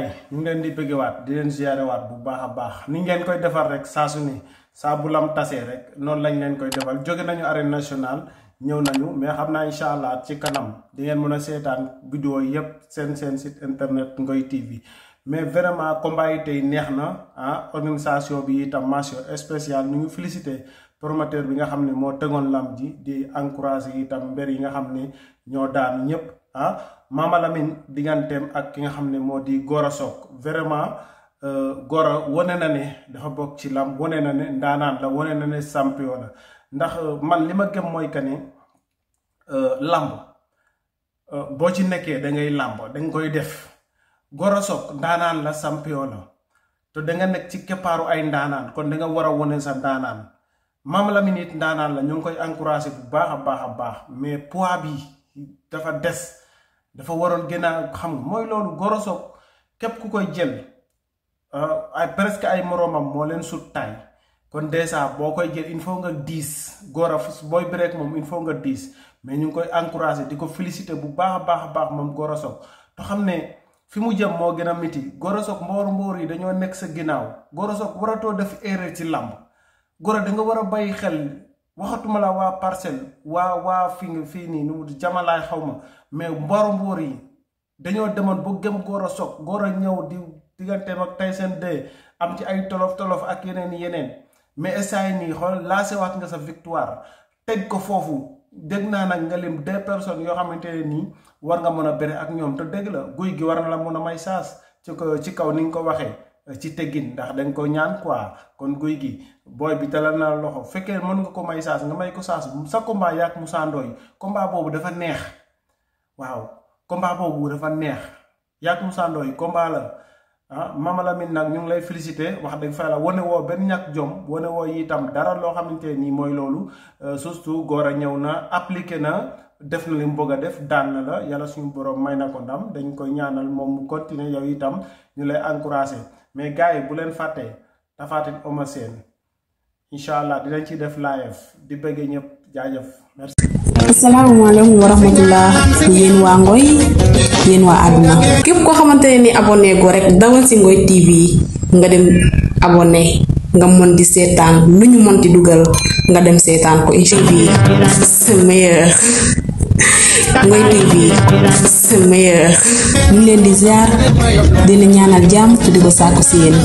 gars yi ñu ngi leen di bëggewaat di leen ziarewaat bu baax a baax ni ngeen koy defar rek saa su ne saa bu lam tasee rek noonu lañ leen koy defal jóge nañu arène national ñëw nañu mais xam naa incha allah ci kanam di ngeen mën a seetaan vidéo yépp seen seen site internet Ngoy TV mais vraiment combat yi tey neex na ah organisation bi itam mention spéciale ñu ngi félicité promoteur bi nga xam ne moo tegoon lam ji di yi itam mbër yi nga xam ne ñoo daan ñépp ah Mama digganteem ak ki nga xam ne moo di Gora Sock vraiment euh, Gora wane na ne dafa bokk ci làmb wane na ne ndaanaan la wane na ne champion la ndax euh, man li ma gëm mooy que ni euh, làmb boo ci nekkee da ngay làmb da koy def Gora Sock ndaanaan la champion la te da nga nekk ci keppaaru ay ndaanaan kon danga war a wane sa ndaanaan Mama Lamine it ndaanaan la ñoo ngi koy encouragé bu baax a baax a baax mais poids bi. dafa des dafa waroon gën a xam nga mooy loolu Gora Sock képp ku koy jël ah, ay presque ay moroomam moo leen sut taay kon dèjà boo koy jël il faut nga diis Gora booy break moom il faut nga diis mais ñu ngi koy encouragé di ko félicité bu baax a baax a baax moom Gora Sock te xam ne fi mu jëm moo gën a miti Gora Sock mboor yi dañoo nekk sa ginnaaw Gora Sock waratoo def erreur ci làmb goro da nga war a bàyyi xel. waxatuma la wa parcelle wa wa fi fini fii nii nu wut jamalaay xaw ma mais mborom bor yi dañoo demon bo gem góor sok soog ñew di digante mak tay sen de am ci ay tolof tolof ak yenen yenen mais essay nii la laase wax nga sa victoire teg ko fofu deg na nak nga lim deux personnes yo xamante ni nii war nga mëna béré ak ñom te deg la guuy gi war na la mëna may sas ci ko ci kaw ni ko ci teggin ndax dañ ko ñaan quoi kon guy gi booy bi talal na loxo fekkee mën nga ko may saas nga may ko saas sa combat yaak Moussa Ndoye combat boobu dafa neex waaw combat boobu dafa neex yaak Moussa Ndoye la ah Mama Lamine nag ñu ngi lay félicité wax dëgg fa la wane woo benn ñàkk jom wane woo itam dara loo xamante nii mooy loolu euh, surtout góor a ñëw na appliqué na def na li mu bëgg a def daan na la yàlla suñu borom may na ko ndam dañ koy ñaanal moom mu continuer yow itam ñu lay encouragé mais gars yi bu leen fàttee tafaatin Eumeu Sène incha allah dinañ def live di bëggee ñëpp jaajëf merci. asalaamaaleykum wa rahmatullah waa Ngoy yéen waa àdduna képp koo xamante ne ni abonné ko rek dawal si Ngoy TV nga dem abonné nga mën di seetaan lu ñu mën di dugal nga dem seetaan ko incha allah c'est meilleur. Ngoye TV c'est meilleur ñu leen di ziar di leen ñaanal jàmm te di ko sàkku si